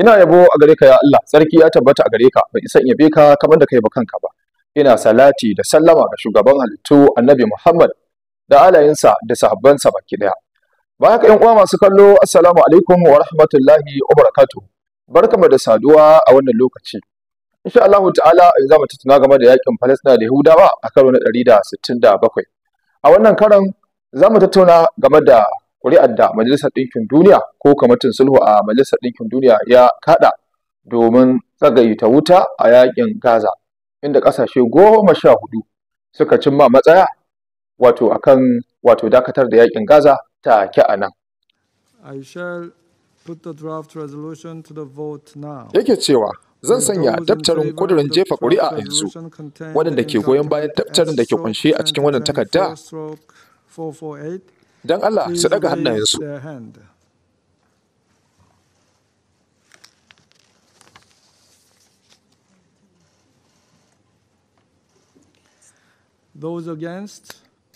ina yabo a gare ka ya Allah sarki ya tabbata a gare ka bai isa yabe ka kamar da kai ba kanka ba ina salati da sallama ga shugaban halittu annabi Muhammad da alayinsa da sahabbansa baki daya ba haka yan uwa masu kallo assalamu alaikum wa rahmatullahi wa barakatuh barkamu da saduwa a wannan lokaci insha Allah ta'ala za mu tattauna game da yakin Palestina da Yahudawa a karo na 167 a wannan karan za mu tattauna game da ƙuri'ar da majalisar ɗinkin duniya ko kamatin sulhu a majalisar ɗinkin duniya ya kaɗa domin tsagaita wuta a yakin gaza inda ƙasashe goma sha hudu suka cimma matsaya wato akan wato dakatar da yakin gaza ta take a nan yake cewa zan sanya daftarin kudurin jefa ƙuri'a a yanzu waɗanda ke goyon bayan daftarin da ke kunshe a cikin wannan takarda don Allah su daga hannayensu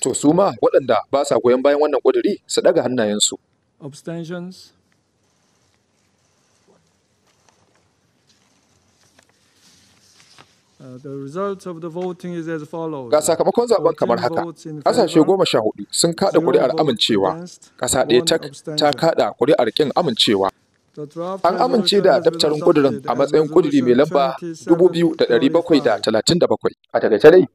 To su ma waɗanda ba sa goyon bayan wannan ƙuduri su ɗaga hannayensu. Abstentions. Uh, Ga sakamakon zaben kamar haka, ƙasashe goma sha hudu sun kaɗa kuri'ar amincewa, kasa ɗaya tak ta kaɗa kuri'ar kin amincewa. An amince da daftarin kudurin a matsayin kuduri mai lamba biyu 2,737. A takaice dai,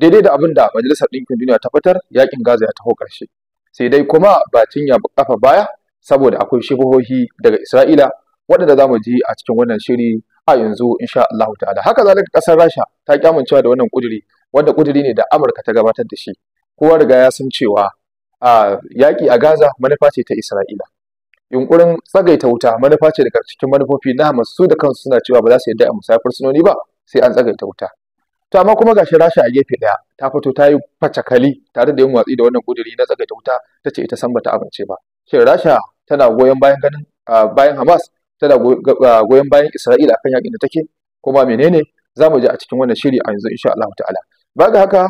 daidai da abin da Majalisar Ɗinkin Duniya ta fitar yakin Gaza ya taho ƙarshe. Sai dai kuma ba ya kafa baya saboda akwai shibohohi daga Isra'ila waɗanda za mu ji a cikin wannan shiri a yanzu insha Allah ta'ala haka zalika kasar Rasha ta kyamuncewa da wannan kuduri wanda kuduri ne da Amurka ta gabatar da shi kowa riga ya san cewa a yaki a Gaza manufa ce ta Isra'ila yunkurin tsagaita wuta manufa ce daga cikin manufofi na Hamas su da kansu suna cewa ba za su yarda a musafir sunoni ba sai an tsagaita wuta to amma kuma gashi Rasha a gefe daya ta fito ta yi facakali tare da yin watsi da wannan kuduri na tsagaita wuta ta ce ita san bata amince ba shin Rasha tana goyon bayan ganin bayan Hamas tana goyon bayan Isra'ila akan yakin da take kuma menene za mu je a cikin wannan shiri a yanzu insha Allah ta'ala ba ga haka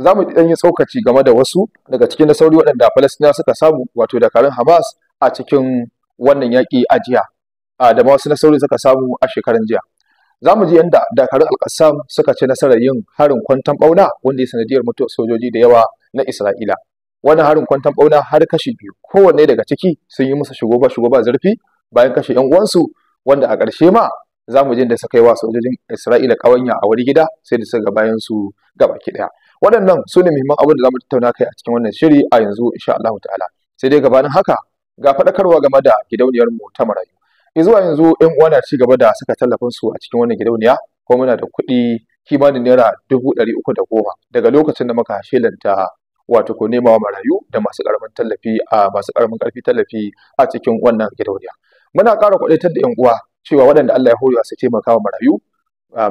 za mu ɗan yi tsokaci game da wasu daga cikin nasauri waɗanda Falastina suka samu wato dakarun Hamas a cikin wannan yaƙi a jiya da wasu nasauri suka samu a shekaran jiya za mu ji yadda dakarun al-Qassam suka ci nasarar yin harin kwantan ɓauna wanda ya sanadiyar mutuwar sojoji da yawa na Isra'ila wannan harin kwantan bauna har kashi biyu kowanne daga ciki sun yi musu shugo ba shugo ba zurfi bayan kashe yan uwansu wanda a ƙarshe ma za mu je da suka yi wa sojojin Isra'ila ƙawanya a wani gida sai da suka bayan su gaba ki daya waɗannan su ne muhimman abin da za mu tattauna kai a cikin wannan shiri a yanzu insha Allah ta'ala sai dai gabanin haka ga faɗakarwa game da gidauniyar mu ta marayu zuwa yanzu yan uwa na ci gaba da saka tallafin su a cikin wannan gidauniya ko muna da kuɗi kimanin naira dubu ɗari uku da goma daga lokacin da muka shelanta wato ko nema wa marayu da masu ƙaramin tallafi a masu ƙaramin ƙarfi tallafi a cikin wannan gidauniya muna ƙara kwadaitar da 'yan uwa cewa waɗanda Allah ya horewa su taimaka wa marayu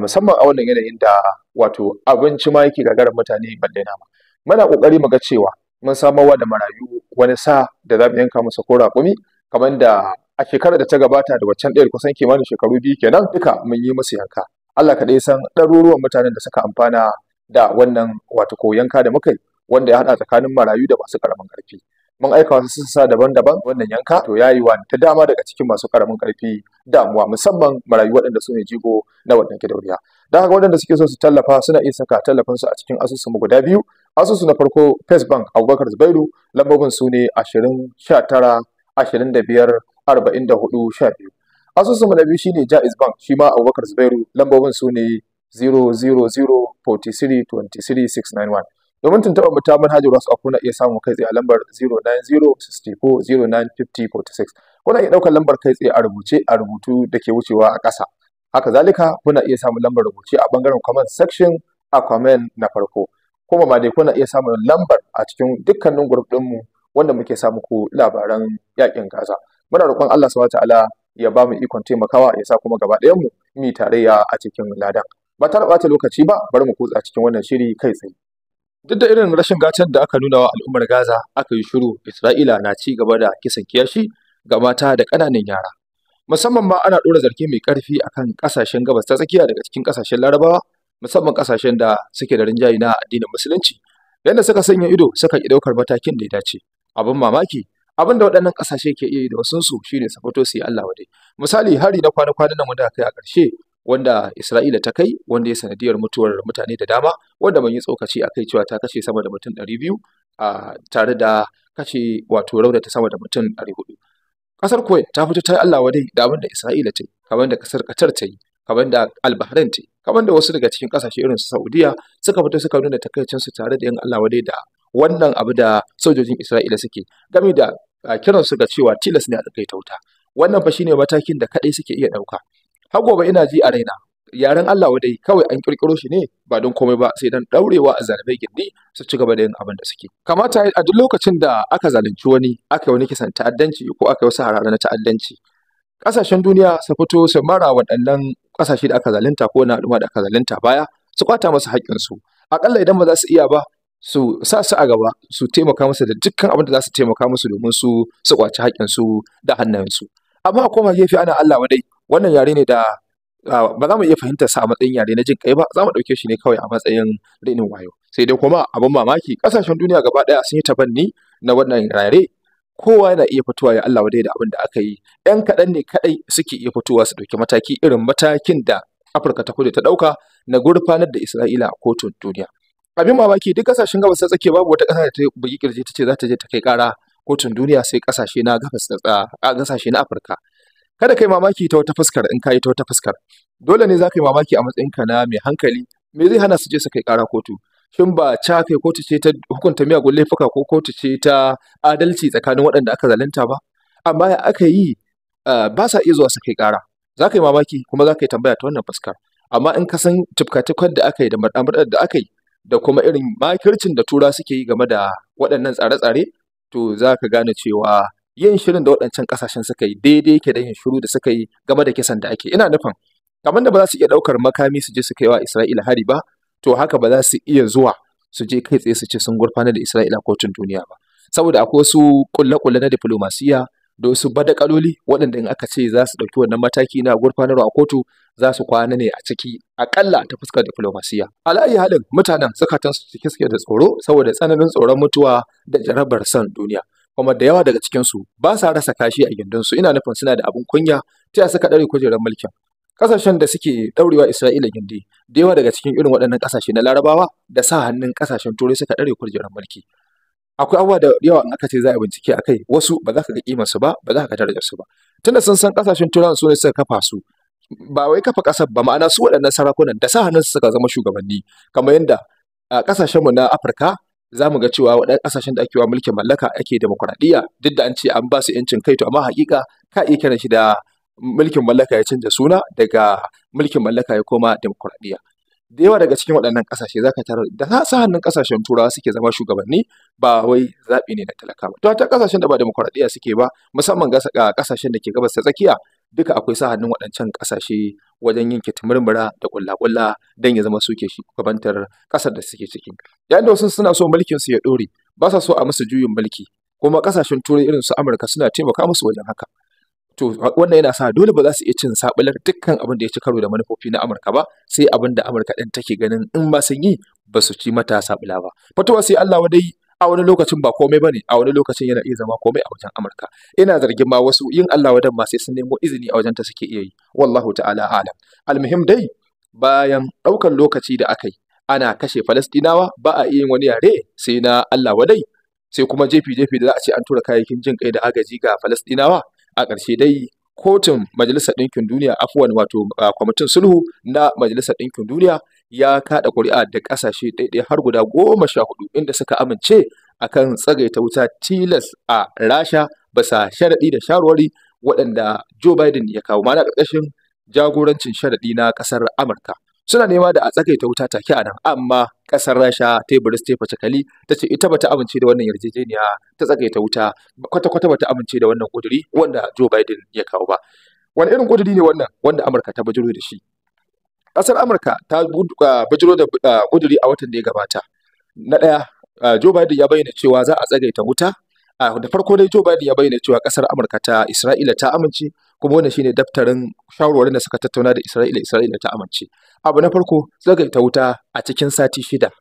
musamman a wannan yanayin da wato abinci ma yake gagarar mutane balle nama muna ƙoƙari mu ga cewa mun samarwa da marayu wani sa da za mu yanka musu ko raƙumi kamar da a shekarar da ta gabata da waccan ɗayar kusan kimanin shekaru biyu kenan duka mun yi musu yanka Allah ka kaɗai san ɗaruruwan mutanen da suka amfana da wannan wato ko yanka da muka yi wanda ya haɗa tsakanin marayu da masu ƙaramin ƙarfi mun aika wasu sassa daban-daban wannan yanka to ya yi ta dama daga cikin masu karamin karfi damuwa musamman marayu waɗanda su ne jigo na wannan gidauniya don haka waɗanda suke so su tallafa suna iya saka tallafinsu a cikin asusunmu guda biyu asusu na farko first bank abubakar zubairu lambobin su ne ashirin sha tara ashirin da biyar arba'in da hudu sha biyu asusunmu na biyu shine jaiz bank shi ma abubakar zubairu lambobin su ne 000 43 23 one Domin tuntuɓar mu ta manhajar wasu kuna iya samun kai tsaye a lambar 09064095046. Kuna iya ɗaukar lambar kai tsaye a rubuce a rubutu da ke wucewa a ƙasa. Haka zalika kuna iya samun lambar rubuce a ɓangaren comment section a comment na farko. Kuma ma dai kuna iya samun lambar a cikin dukkanin group ɗinmu wanda muke samu muku labaran yaƙin Gaza. Muna roƙon Allah subhanahu ta'ala ya ba mu ikon taimakawa ya sa kuma gaba ɗayan mu yi tarayya a cikin ladan. Ba ta ɓata lokaci ba bari mu kutsa cikin wannan shiri kai tsaye. duk da irin rashin gatan da aka nuna wa al'ummar Gaza aka yi shiru Isra'ila na ci gaba da kisan kiyashi ga mata da ƙananan yara musamman ma ana ɗora zargi mai ƙarfi akan ƙasashen gabas ta tsakiya daga cikin ƙasashen Larabawa musamman ƙasashen da suke da rinjaye na addinin musulunci yadda suka sanya ido suka ƙi ɗaukar matakin da ya dace abin mamaki abin da waɗannan ƙasashe ke iya yi da wasunsu shine su fito su yi Allah wadai misali hari na kwana-kwanan nan wanda aka yi a ƙarshe wanda Isra'ila ta kai wanda ya sanadiyar mutuwar mutane da dama wanda mun yi tsokaci a kai cewa ta kashe sama da mutum ɗari biyu a tare da kashe wato ta sama da mutum ɗari hudu. Ƙasar Kuwait ta fito ta yi Allah wadai da abin da Isra'ila ta yi kamar da ƙasar Qatar ta yi kamar da Al-Bahrain ta yi kamar da wasu daga cikin ƙasashe irin su Saudiya suka fito suka nuna takaicinsu tare da yin Allah wadai da wannan abu da sojojin Isra'ila suke game da kiransu ga cewa tilas ne a ta wuta. wannan fa shine matakin da kaɗai suke iya ɗauka har gobe ina ji a raina yaren Allah wadai kawai an kirkiro shi ne ba don komai ba sai dan daurewa a zalimai gindi su ci gaba da yin abin da suke kamata a duk lokacin da aka zalunci wani aka yi wani kisan ta'addanci ko aka yi wasu harare na ta'addanci kasashen duniya su fito su mara waɗannan kasashe da aka zalunta ko na al'umma da aka zalunta baya su kwata masu haƙƙinsu aƙalla idan ba za su iya ba su sa su a gaba su taimaka musu da dukkan abin da za su taimaka musu domin su su kwaci haƙƙinsu da hannayensu amma a koma gefe ana Allah wadai wannan yare ne da ba za mu iya fahimtar sa a matsayin yare na jin kai ba za mu ɗauke shi ne kawai a matsayin rinin wayo sai dai kuma abin mamaki ƙasashen duniya gaba ɗaya sun yi tabanni na wannan yare kowa yana iya fitowa ya Allah wadai da abin da aka yi ‘yan kaɗan ne kaɗai suke iya fitowa su ɗauki mataki irin matakin da Afirka ta kudu ta ɗauka na gurfanar da Isra'ila a kotun duniya. Abin mamaki duk ƙasashen gabas ta tsakiya babu wata ƙasa da ta bugi kirji ta ce za ta je ta kai ƙara kotun duniya sai ƙasashe na gabas ƙasashe na Afirka kada kai mamaki ta wata fuskar in ka yi ta wata fuskar dole ne za ka yi mamaki a matsayinka na mai hankali me zai hana su je su kai ƙara kotu shin ba ca kai kotu ce ta hukunta miyagun laifuka ko kotu ce ta adalci tsakanin waɗanda aka zalunta ba amma ya aka yi ba sa iya zuwa su kai ƙara za ka yi mamaki kuma za ka yi tambaya ta wannan fuskar amma in ka san tufkatukar da aka yi da murɗar da aka yi da kuma irin makircin da tura suke yi game da waɗannan tsare-tsare to za ka gane cewa yin shirin da waɗancan ƙasashen suka yi daidai yake da yin shiru da suka yi game da kisan da ake ina nufin kamar da ba za su iya ɗaukar makami su je su kai wa Isra'ila hari ba to haka ba za su iya zuwa su je kai tsaye su ce sun gurfanar da Isra'ila kotun duniya ba saboda akwai wasu kulle-kulle na diplomasiya da wasu badakaloli waɗanda in aka ce za su ɗauki wannan mataki na gurfanarwa a kotu za su kwana ne a ciki akalla ta fuskar diplomasiya alayi halin mutanen su cike suke da tsoro saboda tsananin tsoron mutuwa da jarabar son duniya kuma da yawa daga cikinsu ba sa rasa kashi a gindinsu ina nufin suna da abin kunya ta suka ɗare kujerar mulkin kasashen da suke ɗaurewa Isra'ila gindi da yawa daga cikin irin waɗannan kasashe na Larabawa da sa hannun kasashen Turai suka ɗare kujerar mulki akwai abubuwa da yawa in aka ce za a bincike a kai wasu ba za ka ga kimarsu ba ba za ka ga darajarsu ba tunda sun san kasashen Turai su ne suka kafa su ba wai kafa ƙasar ba ma'ana su waɗannan sarakunan da sa hannun suka zama shugabanni kamar yadda a ƙasashenmu na Afirka za mu ga cewa waɗannan ƙasashen da ake wa mulkin mallaka ake demokuraɗiyya duk da an ce an ba su ‘yancin kai to amma haƙiƙa ka iya kiran shi da mulkin mallaka ya canza suna daga mulkin mallaka ya koma demokuraɗiyya da yawa daga cikin waɗannan ƙasashe za ka tarar da sa hannun ƙasashen turawa suke zama shugabanni ba wai zaɓi ne na talaka ba to ta ƙasashen da ba demokuraɗiyya suke ba musamman ga ƙasashen da ke gabas ta tsakiya duka akwai sa hannun waɗancan ƙasashe wajen yin kitimirmira da ƙulla-ƙulla don ya zama suke shugabantar ƙasar da suke ciki yayin da wasu suna so mulkin su ya ɗore ba sa so a musu juyin mulki kuma ƙasashen turai irin su amurka suna taimaka musu wajen haka to wannan yana sa dole ba za su iya cin sabular dukkan abin da ya ci karo da manufofi na amurka ba sai abin da amurka ɗin take ganin in ba sun yi ba su ci mata sabula ba fatuwa sai allah wadai a wani lokacin ba komai bane a wani lokacin yana iya zama komai a wajen Amurka ina zargin ma wasu yin Allah wadan ma sai sun nemo izini a wajen ta suke iya yi wallahu ta'ala alam almuhim dai bayan ɗaukar lokaci da aka yi ana kashe Falastinawa ba a iya yin wani yare sai na Allah wadai sai kuma jefi-jefi da za a ce an tura kayayyakin jin kai da agaji ga Falastinawa a ƙarshe dai kotun majalisar ɗinkin duniya afuwan wato kwamitin sulhu na majalisar ɗinkin duniya ya kaɗa ƙuri'a da ƙasashe ɗaiɗai har guda goma sha hudu inda suka amince akan tsagaita wuta tilas a rasha basa sharaɗi da shawarwari waɗanda joe biden ya kawo mana ƙarƙashin jagorancin sharaɗi na ƙasar amurka suna nema da a tsagaita wuta take a nan amma ƙasar rasha ta yi buris ta cakali ta ce ita bata amince da wannan yarjejeniya ta tsagaita wuta kwata-kwata bata amince da wannan ƙuduri wanda joe biden ya kawo ba wani irin ƙuduri ne wannan wanda amurka ta bajiro da shi ƙasar amurka ta ah, bijiro da ah, ƙuduri a watan da ya gabata na ɗaya ah, joe biden ya bayyana cewa za a tsagaita wuta da farko dai joe biden ya bayyana cewa ƙasar amurka ta isra'ila ta amince kuma wannan shine daftarin shawarwarin da suka tattauna da isra'ila isra'ila ta amince abu na farko tsagaita wuta a cikin sati shida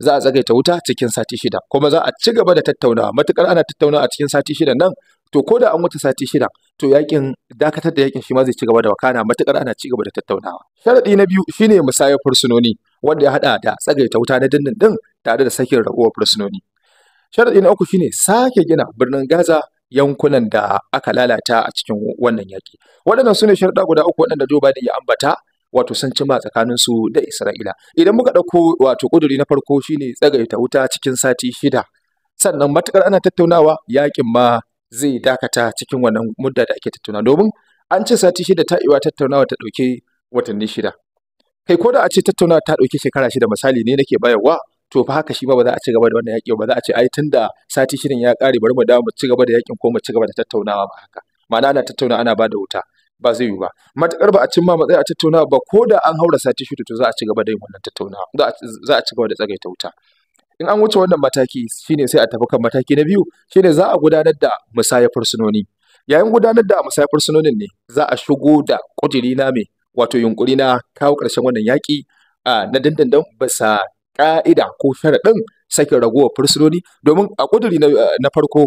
za a tsagaita wuta cikin sati shida kuma za a ci gaba da tattaunawa matukar ana tattaunawa a cikin sati shida nan to ko da an wuce sati shida to yakin dakatar da yakin shi ma zai ci gaba da wakana matukar ana ci gaba da tattaunawa sharadi na biyu shine musayar fursunoni wanda ya hada da tsagaita wuta na dindindin tare da sakin raguwar fursunoni sharadi na uku shine sake gina birnin Gaza yankunan da aka lalata a cikin wannan yaki waɗannan sune sharaɗa guda uku waɗanda Joe Biden ya ambata wato sun cima tsakanin su da Isra'ila idan muka ɗauko wato ƙuduri na farko shine tsagaita wuta cikin sati shida sannan matukar ana tattaunawa yakin ma zai dakata cikin wannan mudda da ake tattauna domin an ce sati shida ta iwa tattaunawa ta ɗauki watanni shida kai ko da a ce tattaunawa ta ɗauki shekara shida misali ne nake bayarwa to fa haka shi ma ba za a ci gaba da wannan yaƙi ba za a ce ai tunda sati shirin ya ƙare bari mu dawo mu ci gaba da yaƙin ko mu ci gaba da tattaunawa ba haka ma'ana ana tattaunawa, ana bada wuta ba zai yiwu ba matakar ba a cimma matsayi a tattaunawa ba ko da an haura sati shida to za a ci gaba da yin wannan tattaunawa za a ci gaba da tsagaita wuta in an wuce wannan mataki shine sai a tafi kan mataki na biyu shine za a gudanar da musayar fursunoni yayin gudanar da musayar fursunonin ne za a shigo da kudiri na me wato yunkuri na kawo karshen wannan yaƙi na dandandan bisa ƙa'ida ko sharadin sakin ragowar fursunoni domin a ƙudiri na farko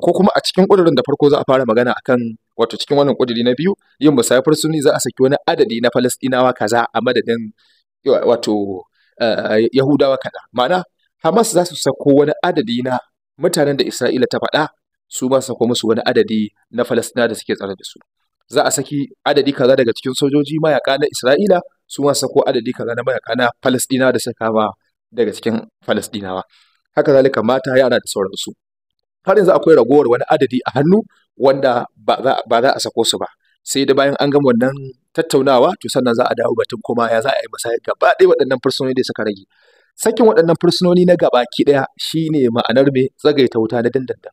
ko kuma a cikin kudirin da farko za a fara magana akan wato cikin wannan kudiri na biyu yin musayar fursunoni za a saki wani adadi na falastinawa kaza a madadin wato Eh, Yahudawa kaɗan. Ma'ana Hamas za su sako wani adadi na mutanen da Isra'ila ta faɗa su ma sako musu wani adadi na Falasina da suke tsare da su. Za a saki adadi kaza daga cikin sojoji mayaka na Isra'ila su ma sako adadi kaza na mayaka na Falasina da suka kama daga cikin Falasɗinawa. Haka zalika mata yara da sauransu. Har yanzu akwai ragowar wani adadi a hannu wanda ba za a sako su ba. sai da bayan an gama wannan tattaunawa to sannan za a dawo batun kuma ya za a yi masa gaba ɗaya waɗannan fursunoni da suka rage sakin waɗannan fursunoni na gaba ki ɗaya shine ma'anar me tsagaita wuta na dandandan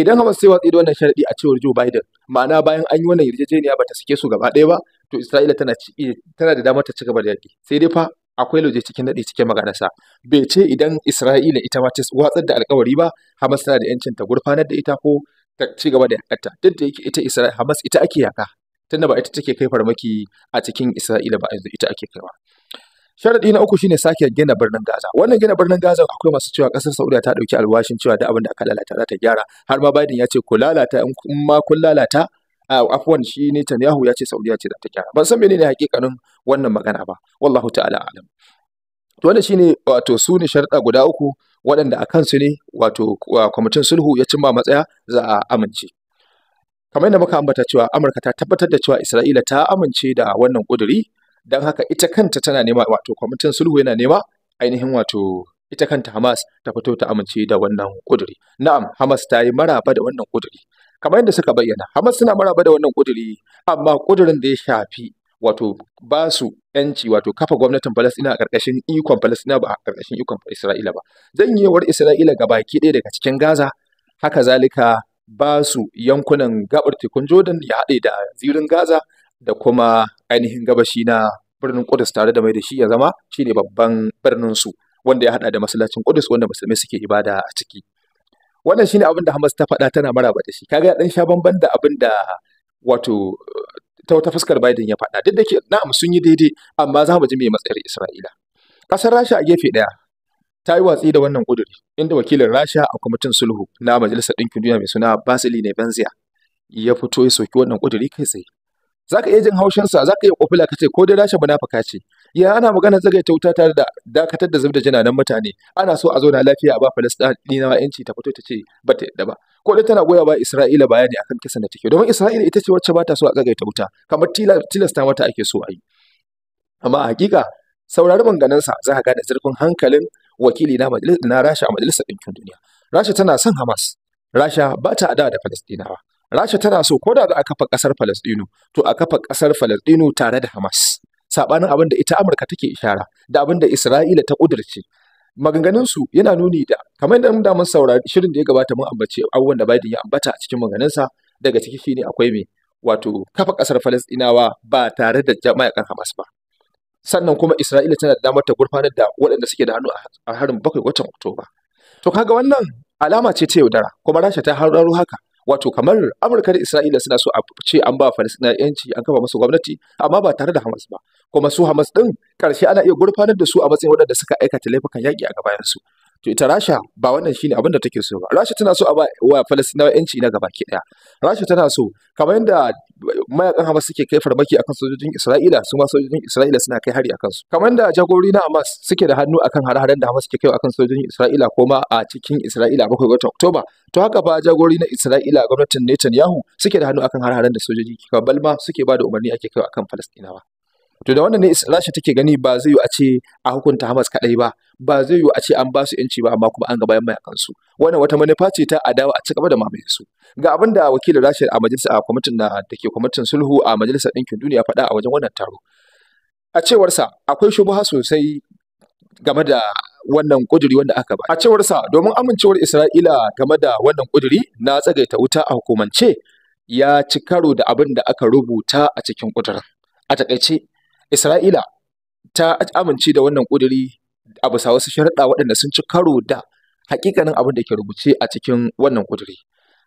idan Hamas sai watsi da wannan sharadi a cewar Joe Biden ma'ana bayan an yi wannan yarjejeniya bata sake su gaba ɗaya ba to Isra'ila tana eh, tana da damar ta ci gaba da yaƙi sai dai fa akwai lauje cikin daɗe cikin maganarsa bai ce idan Isra'ila ita ma ta watsar da alkawari ba Hamas tana da yancin ta gurfanar da ita ko ta ci gaba da yaƙarta duk da yake ita Isra'ila Hamas ita ake yaka tunda ba ita take kai farmaki a cikin Isra'ila ba yanzu ita ake kaiwa sharadi na uku shine sake gina birnin Gaza wannan gina birnin Gaza akwai masu cewa kasar Saudiya ta dauki alwashin cewa duk abin da aka lalata za ta gyara har ma Biden ya ce ku lalata in ma kun lalata afwan shi ne Netanyahu ya ce Saudiya ce za ta gyara ban san menene hakikanin wannan magana ba wallahu ta'ala alam to wannan shine wato su ne sharda guda uku waɗanda a kansu ne wato kwamitin sulhu ya cimma matsaya za a amince kamar yadda muka ambata cewa amurka ta tabbatar da cewa isra'ila ta amince da wannan kuduri, don haka ita kanta tana nema wato kwamitin sulhu yana nema ainihin wato ita kanta hamas ta fito ta amince da wannan kuduri. na'am hamas ta yi maraba da wannan kuduri. kamar yadda suka bayyana hamas suna maraba da wannan kuduri, amma kudurin da ya shafi wato ba su yanci wato kafa gwamnatin Falasɗina a ƙarƙashin ikon Falasɗina ba a ƙarƙashin ikon Isra'ila ba. Zan yi wa Isra'ila ga baki ɗaya daga cikin Gaza, haka zalika ba su yankunan gabar tekun Jordan ya haɗe da zirin Gaza da kuma ainihin gabashi na birnin Kudus tare da mai da shi ya zama shine babban birnin su wanda ya haɗa da masallacin Kudus wanda musulmai suke ibada a ciki. Wannan shine abin da Hamas ta faɗa tana maraba da shi. Kaga dan sha bamban da abin da wato ta wata fuskar Biden ya faɗa. Duk da ke na'am sun yi daidai amma za mu ji me matsayar Isra'ila. Ƙasar Rasha a gefe ɗaya ta yi watsi da wannan ƙuduri inda wakilin rasha a kwamitin sulhu na majalisar ɗinkin duniya mai suna basili Benzia ya fito ya soki wannan ƙuduri kai tsaye za ka iya jin haushinsa za ka iya ƙofila ka ce ko dai rasha munafuka ce ya ana magana zagai ta wuta tare da dakatar da zubda jinanan mutane ana so a zauna lafiya a ba falastinawa yanci ta fito ta ce ba ta yadda ba ko dai tana goya ba isra'ila bayani akan kisan da take domin isra'ila ita ce wacce ba ta so a zagai ta wuta kamar tilasta mata ake so a yi amma a hakika saurari manganansa za ka gane zurfin hankalin wakili na na rasha a majalisar ɗinkin duniya rasha tana son hamas rasha ba ta adawa da falastinawa rasha tana so ko da za a kafa ƙasar falastinu to a kafa ƙasar falastinu tare da hamas saɓanin abin da ita amurka take ishara da abin da isra'ila ta ƙudurce maganganunsu yana nuni da kamar da da mun saurari shirin da ya gabata mun ambace abubuwan da Biden ya ambata a cikin maganganunsa daga ciki shine akwai me wato kafa kasar Falastinawa ba tare da jama'a kan Hamas ba sannan kuma Isra'ila tana da damar ta gurfanar da waɗanda suke da hannu a harin bakwai watan Oktoba. To kaga wannan alama ce ta yaudara kuma Rasha ta hararo haka wato kamar Amurka da Isra'ila suna so a ce an ba Falasɗina yanci an kafa masa gwamnati amma ba tare da Hamas ba kuma su Hamas din karshe ana iya gurfanar da su a matsayin waɗanda suka aikata laifukan yaƙi a gabayansu to ita rasha ba wannan shine abin da take so ba rasha tana so a ba wa falastinawa yanci na gaba ki daya rasha tana so kamar yadda mayakan hamas suke kai farmaki akan sojojin isra'ila su ma sojojin isra'ila suna kai hari akan su kamar yadda jagorori na hamas suke da hannu akan hare-haren da hamas suke kai akan sojojin isra'ila ko ma a cikin isra'ila bakwai watan oktoba to haka ba jagorori na isra'ila gwamnatin netanyahu suke da hannu akan hare-haren da sojoji kika balma suke ba da umarni ake kai akan falastinawa to da wannan ne rasha take gani ba zai yi a ce a hukunta hamas kadai ba ba zai yi a ce an ba su yanci ba amma kuma an gaba mayakan su wannan wata manufa ce ta adawa a cigaba da mamaye su ga abin da wakilin rasha a majalisa a kwamitin da ke kwamitin sulhu a majalisar ɗinkin duniya faɗa a wajen wannan taro a cewarsa akwai shubuha sosai game da wannan kuduri wanda aka ba a cewarsa domin amincewar isra'ila game da wannan kuduri na tsagaita wuta a hukumance ya ci karo da abin da aka rubuta a cikin kudurin a takaice Isra'ila ta amince da wannan ƙuduri a bisa wasu sharuɗa waɗanda sun ci karo da hakikanin abin da ke rubuce a cikin wannan ƙuduri.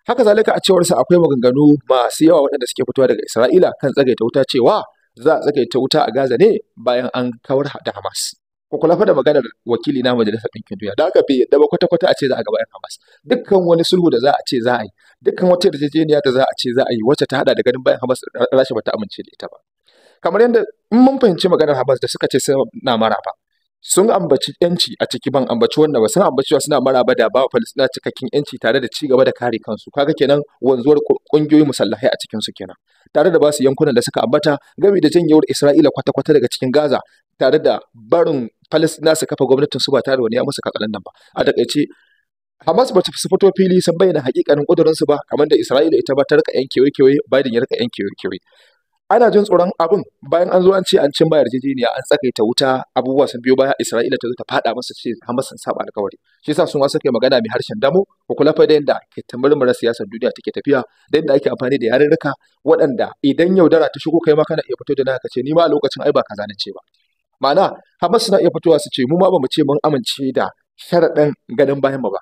Haka zalika a cewarsa akwai maganganu masu yawa waɗanda suke fitowa daga Isra'ila kan tsagaita wuta cewa za a tsagaita wuta a Gaza ne bayan an kawar da Hamas. Ku kula da maganar wakili na Majalisar Ɗinkin Duniya, da aka fi yadda ba kwata-kwata a ce za a gaba Hamas. Dukkan wani sulhu da za a ce za a yi, dukkan wata yarjejeniya da za a ce za a yi wacce ta haɗa da ganin bayan Hamas rashin ba ta amince da ita ba. kamar yadda in mun fahimci maganar Hamas da suka ce suna maraba sun ambaci yanci a ciki ban ambaci wannan ba sun ambaci cewa suna maraba da ba Palestina cikakken yanci tare da cigaba da kare kansu kaga kenan wanzuwar kungiyoyi musallahai a cikin su kenan tare da basu yankunan da suka ambata gami da janyewar Isra'ila kwata-kwata daga cikin Gaza tare da barin Palestina su kafa gwamnatin su ba tare da wani ya musu katsalan nan ba a takaice Hamas ba ta fito fili sun bayyana hakikanin kudurinsu ba kamar da Isra'ila ita ba ta rika yan kewe Biden ya rika ana jin tsoron abin bayan an zo an ce an cin ba yarjejeniya an ta wuta abubuwa sun biyo baya Isra'ila ta zo ta fada masa ce Hamas sun saba alƙawari shi yasa sun wasu kai magana mai harshen damo ko kula fa da yanda ke tamurmura siyasar duniya take tafiya da yanda ake amfani da yarurruka waɗanda idan yaudara ta shigo kai ma kana iya fito da naka ce ni ma a lokacin ai ba kaza na ce ba ma'ana Hamas suna iya fitowa su ce mu ma ba mu ce mun amince da sharaɗin ganin bayan mu ba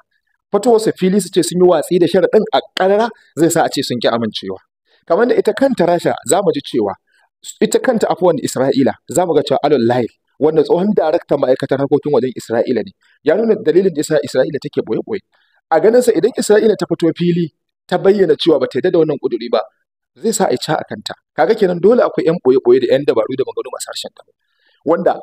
fitowarsa fili su ce sun yi watsi da sharaɗin a ƙarara zai sa a ce sun ki amincewa kamar da ita kanta rasha za mu ji cewa ita kanta afuwan isra'ila za mu ga cewa alon lahir wanda tsohon daraktan ma'aikatar harkokin wajen isra'ila ne ya nuna dalilin da yasa isra'ila take boye-boye a ganin sa, idan isra'ila ta fito fili ta bayyana cewa ba ta yarda da wannan kuduri ba zai sa a ci a kanta kaga kenan dole akwai yan boye-boye da yan dabaru da maganganu masu harshen damo wanda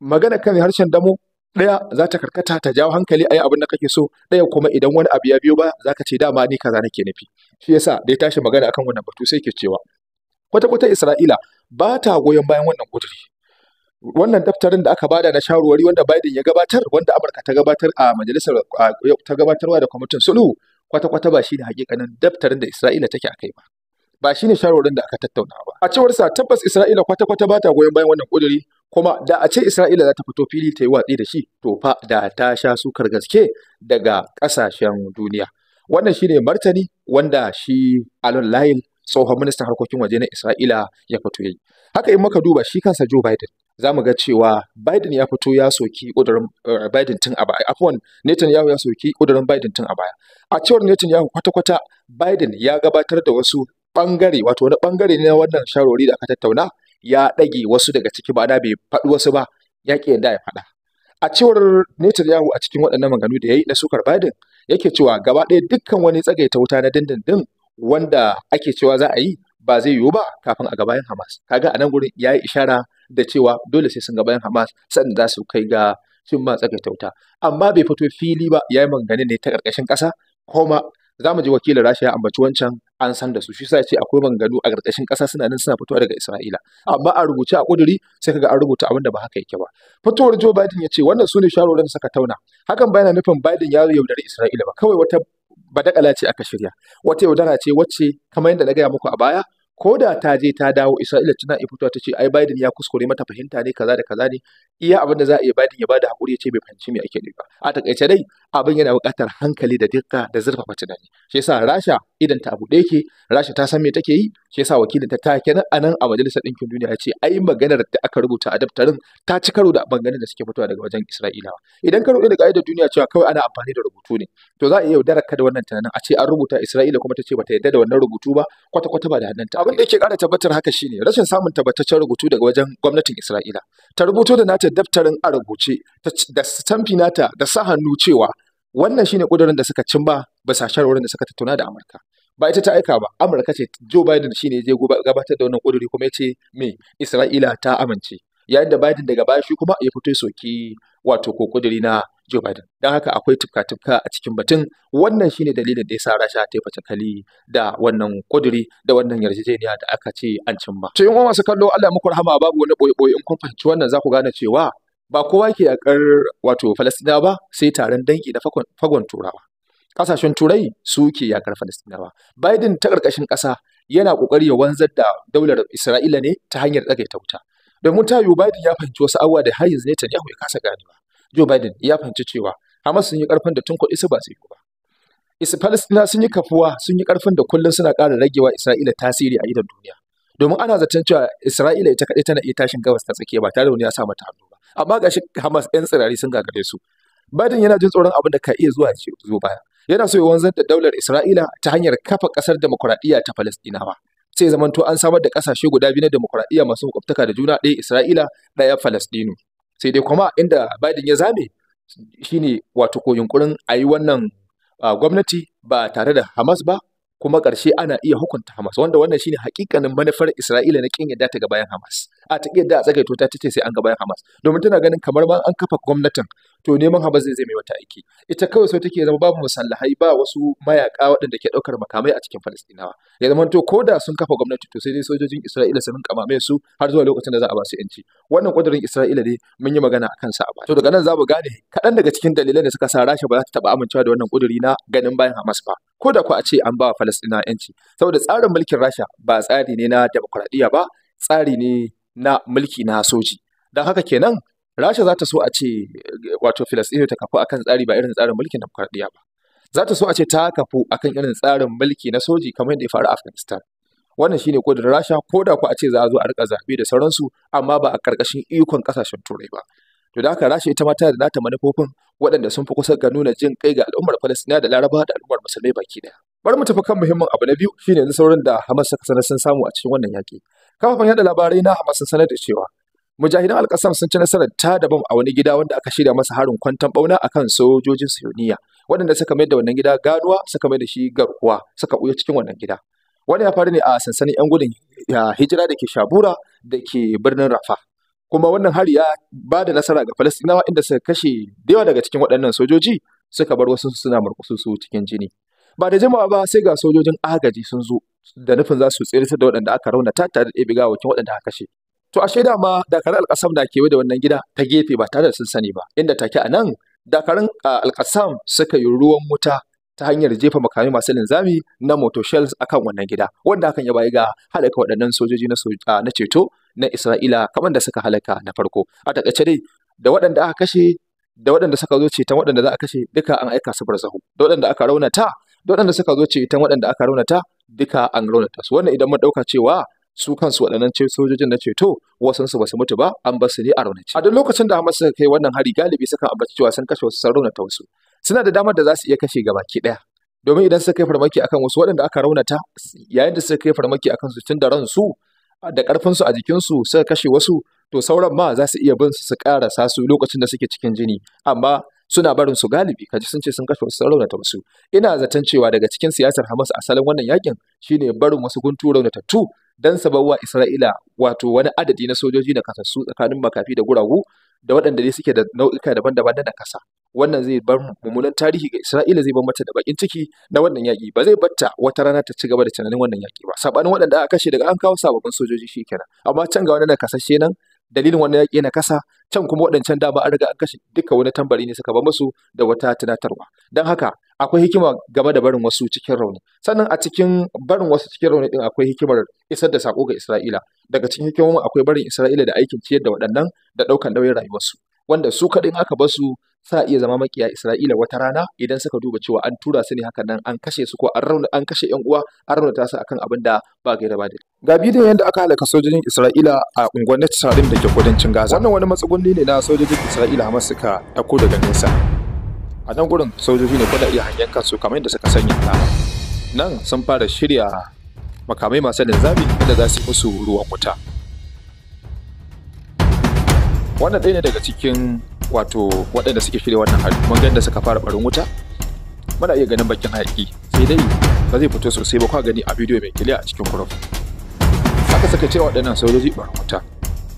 magana kan harshen damo ɗaya za ta karkata ta jawo hankali a yi abin da kake so ɗaya kuma idan wani abu ya biyo ba za ka ce dama ni kaza nake nufi shi yasa da ya tashi magana akan wannan batu sai ke cewa kwata-kwata isra'ila ba ta goyon bayan wannan kuduri wannan daftarin da aka bada na shawarwari wanda Biden ya gabatar wanda Amurka ta gabatar a majalisar ta gabatarwa da kwamitin sulhu kwata-kwata ba shi ne hakikanin daftarin da Isra'ila take a kai ba ba shine shawarwarin da aka tattauna ba a cewar sa tabbas Isra'ila kwata-kwata ba ta goyon bayan wannan kuduri kuma da a ce Isra'ila za ta fito fili ta yi watsi da shi to fa da ta sha sukar gaske daga ƙasashen duniya wannan shine martani wanda shi Alon Lail tsohon ministan harkokin waje na Isra'ila ya fito yayi haka in muka duba shi kansa Joe Biden za mu ga cewa Biden ya fito ya soki ƙudurin eh, Biden tun a baya. Afwan, Netanyahu ya soki kudurin Biden tun a baya. A cewar Netanyahu kwata-kwata Biden ya gabatar da wasu ɓangare wato wani ɓangare na wannan sharori da aka tattauna ya ɗage wasu daga ciki ba bai faɗi wasu ba ya ƙi yadda ya faɗa a cewar Netanyahu a cikin waɗannan maganu da ya yi na sukar Biden yake cewa gaba ɗaya dukkan wani tsagaita wuta na dindindin wanda ake cewa za a yi ba zai yiwu ba kafin a gabayan Hamas kaga a nan gurin ya yi ishara da cewa dole sai sun gabayan Hamas sannan za su kai ga cin ma tsagaita wuta amma bai fito fili ba ya yi maganganu ne ta ƙarƙashin ƙasa kuma za mu ji wakilin Rasha ya ambaci wancan an san da su shi sa ce akwai maganganu a ƙarƙashin ƙasa suna nan suna fitowa daga Isra'ila amma a rubuce a Kuduri sai kaga an rubuta abin da ba haka yake ba fitowar Joe Biden ya ce wannan su ne shawarwarin da suka tauna hakan ba yana nufin Biden ya yaudari Isra'ila ba kawai wata badakala ce aka shirya wata yaudara ce wacce kamar yadda na gaya muku a baya ko da ta je ta dawo Isra'ila tana iya fitowa ta ce ai Biden ya kuskure mata fahimta ne kaza da kaza ne iya abin da za a iya Biden ya bada hakuri ya ce bai fahimci me ake nufi ba a takaice dai abin yana buƙatar hankali da dukka da zurfafa tunani shi yasa Rasha idan ta abu ɗaya ke Rasha ta san me take yi shi yasa wakilin ta ta kenan a nan a majalisar ɗinkin duniya ya ce ai maganar da aka rubuta a daftarin ta ci karo da banganin da suke fitowa daga wajen Isra'ila. idan ka rubuta da ka'idar duniya cewa kawai ana amfani da rubutu ne to za a iya yaudarar ka da wannan tunanin a ce an rubuta Isra'ila kuma ta ce bata yarda da wannan rubutu ba kwata-kwata ba da hannunta abin da yake ƙara tabbatar haka shine rashin samun tabbataccen rubutu daga wajen gwamnatin Isra'ila ta rubuto da nata daftarin a rubuce da stamfi nata da sa hannu cewa wannan shine kudurin da suka cimma bisa shawarwarin da suka tattauna da Amurka ba ita ta aika ba Amurka ce Joe Biden shine zai je gabatar da wannan kuduri kuma ya ce me Isra'ila ta amince yayin da Biden daga baya shi kuma ya fito soki wato ko kuduri na Joe Biden. Don haka akwai tufka-tufka a cikin batun wannan shine dalilin da ya sa Rasha ta yi kali da wannan kuduri da wannan yarjejeniya da aka ce an cimma. To yin masu kallo Allah muku rahama babu wani boye-boye in kun fahimci wannan za ku gane cewa ba kowa ke yakar wato Falastina ba sai taron dangi da fagon Turawa. ƙasashen Turai su ke yakar Falastinawa. Biden ta ƙarƙashin ƙasa yana ƙoƙari ya wanzar da daular Isra'ila ne ta hanyar tsagaita wuta. Domin ta yiwu Biden ya fahimci wasu abubuwa da har yanzu Netanyahu ya kasa ganewa. Joe Biden ya fahimci cewa Hamas sun yi ƙarfin da tunkuɗi su ba su yi ba. Palestina sun yi kafuwa sun yi ƙarfin da kullum suna ƙara ragewa Isra'ila tasiri a idan duniya. Domin ana zaton cewa Isra'ila ita kaɗai tana iya tashin gabas ta tsakiya ba tare da wani ya sa mata hannu ba. Amma gashi Hamas 'yan tsirari sun gagare su. Biden yana jin tsoron abin da ka iya zuwa zo baya. Yana so ya wanzar da daular Isra'ila ta hanyar kafa ƙasar demokuraɗiyya ta Falastinawa. Sai zamanto an samar da ƙasashe guda biyu na demokuraɗiyya masu da juna ɗaya Isra'ila ɗaya Falastinu. sai dai kuma inda Biden ya zame shine wato ko yunkurin a yi wannan gwamnati ba tare da Hamas ba kuma ƙarshe ana iya hukunta Hamas wanda wannan shine hakikanin manufar Isra'ila na kin yadda ta bayan Hamas a ta yadda a tsagaito ta tace sai an ga bayan Hamas domin tana ganin kamar ma an kafa gwamnatin to neman Hamas zai mai wata aiki ita kawai sau take zama babu musallahai ba wasu mayaka waɗanda ke ɗaukar makamai a cikin Falastinawa ya zama to ko da sun kafa gwamnati to sai dai sojojin Isra'ila su rinka mamaye su har zuwa lokacin da za a ba su yanci wannan kudirin Isra'ila ne mun yi magana akan sa a baya to daga nan za mu gane kaɗan daga cikin dalilan da suka sa Rasha ba za ta taɓa amincewa da wannan kuduri na ganin bayan Hamas ba ko da ku a ce an ba wa Falasɗina yanci saboda tsarin mulkin Rasha ba tsari ne na demokradiyya ba tsari ne na mulki na soji don haka kenan Rasha za ta so a ce wato Filistinu ta kafu akan tsari ba irin tsarin mulkin demokradiyya ba. Za ta so a ce ta kafu akan irin tsarin mulki na soji kamar yadda ya faru a Afghanistan. Wannan shi ne kodin Rasha ko da ku a ce za a zo a rika zabe da sauransu amma ba a karkashin ikon kasashen Turai ba. To da haka Rasha ita ma tana da nata manufofin waɗanda sun fi kusa ga nuna jin kai ga al'ummar Falastina da Larabawa da al'ummar musulmai baki ɗaya. Bari mu tafi kan muhimmin abu na biyu shine yanzu sauran da Hamas suka sanar sun samu a cikin wannan yaƙi. Kafafen yada labarai na Hamas sun sanar da cewa mujahidan alkasam sun ci nasarar ta da bam a wani gida wanda aka shirya masa harin kwantan bauna akan sojojin siyoniya waɗanda suka mayar da wannan gida ganuwa suka mayar da shi garkuwa suka ɓuya cikin wannan gida wani ya faru ne a sansanin yan gudun hijira da ke shabura da ke birnin rafa kuma wannan hari ya ba da nasara ga falastinawa inda suka kashe da yawa daga cikin waɗannan sojoji suka bar wasu suna murkusu su cikin jini ba da jimawa ba sai ga sojojin agaji sun zo da nufin za su tsere da waɗanda aka raunata tare da ɗebe gawakin waɗanda aka kashe To ashe ma dakarun alƙasam na kewaye da wannan gida ta gefe ba tare da sun sani ba, inda take a nan dakarun alƙasam suka yi ruwan wuta ta hanyar jefa makamai masu linzami na motor shells akan wannan gida, wanda hakan ya bayi ga halaka waɗannan sojoji na ceto na Isra'ila kamar da suka halaka na farko. A takaice dai da waɗanda aka kashe da waɗanda suka zo ceton waɗanda za a kashe duka an aika su barzahu, da waɗanda aka raunata da waɗanda suka zo ceton waɗanda aka raunata duka an raunata su. Wannan idan mun ɗauka cewa su kansu waɗannan ce sojojin na ceto wasan su basu mutu ba an su ne a raunaci a duk lokacin da Hamas suka kai wannan hari galibi suka ambaci cewa sun kashe wasu sun raunata wasu suna da damar da za su iya kashe gabaki ɗaya domin idan suka kai farmaki akan wasu waɗanda aka raunata yayin da suka kai farmaki akan su tun da ransu da su a jikin su suka kashe wasu to sauran ma za su iya bin su su ƙarasa su lokacin da suke cikin jini amma suna barin su galibi kaji sun ce sun kashe wasu sun raunata wasu ina zaton cewa daga cikin siyasar Hamas asalin wannan yakin shine barin wasu guntu raunatattu dan sabawa Isra'ila wato wani adadi na sojoji na kasassu tsakanin makafi da guragu da waɗanda dai suke da nau'ika daban-daban na kasa wannan zai bar mummunan tarihi ga Isra'ila zai bar mata da bakin ciki na wannan yaƙi ba zai batta wata rana ta ci gaba da tunanin wannan yaƙi ba sabanin waɗanda aka kashe daga an kawo sababbin sojoji shikenan amma can ga wani na nakasashe nan dalilin wannan yaƙi na kasa can kuma waɗancan dama an riga an kashe duka wani tambari ne suka ba musu da wata tunatarwa don haka akwai hikima game da barin wasu cikin rauni sannan a cikin barin wasu cikin rauni din akwai hikimar isar da sako ga Isra'ila daga cikin hikimomi akwai barin Isra'ila da aikin ciyar da waɗannan da ɗaukan nauyin rayuwarsu wanda su kaɗin aka ba su sa iya zama makiya Isra'ila wata rana idan suka duba cewa an tura su ne haka nan an kashe su ko an rauna an kashe ƴan uwa an raunata su akan abin da ba gaira ba da ga bidiyon yadda aka halaka sojojin Isra'ila a unguwannin Tsarim da ke kudancin Gaza wannan wani matsuguni ne na sojojin Isra'ila Hamas suka ɗauko daga nesa a nan gurin sojoji ne kuna iya hanyar kansu kamar yadda suka sanya ta nan sun fara shirya makamai masu linzami inda za su musu ruwan wuta wannan ɗaya ne daga cikin wato waɗanda suke shirya wannan hari mun ga suka fara barin wuta muna iya ganin bakin hayaki sai dai ba zai fito sosai ba kwa gani a bidiyo mai kiliya a cikin kurof aka saka cewa waɗannan sojoji barin wuta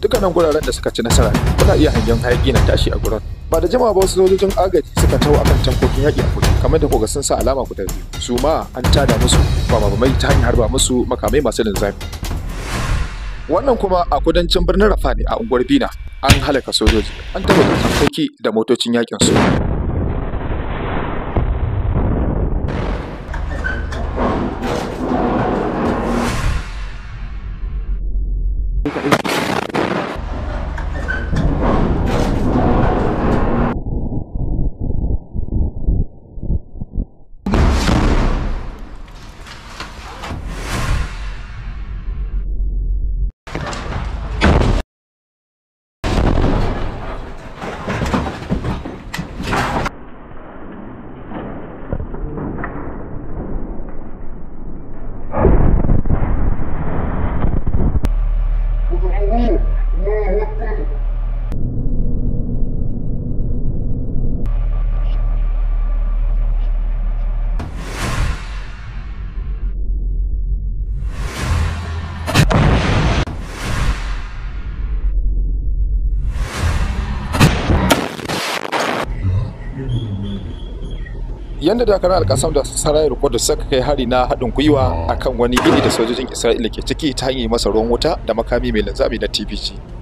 dukkanin guraren da suka ci nasara muna iya hangen hayaki na tashi a gurin ba da jama'a ba wasu sojojin agaji suka tau akan tankokin yaƙi a kudu kamar da koga sun sa alama guda biyu su ma an tada musu ba mai ta hanyar ba musu makamai masu linzami wannan kuma a kudancin birnin rafa ne a unguwar bina an halaka sojoji an tabbata tankoki da motocin yaƙin su yanda dakarar alkasam da sarayar da suka kai hari na haɗin gwiwa akan wani gini da sojojin isra'ila ke ciki ta hanyar masa ruwan wuta da makami mai linzami na tbg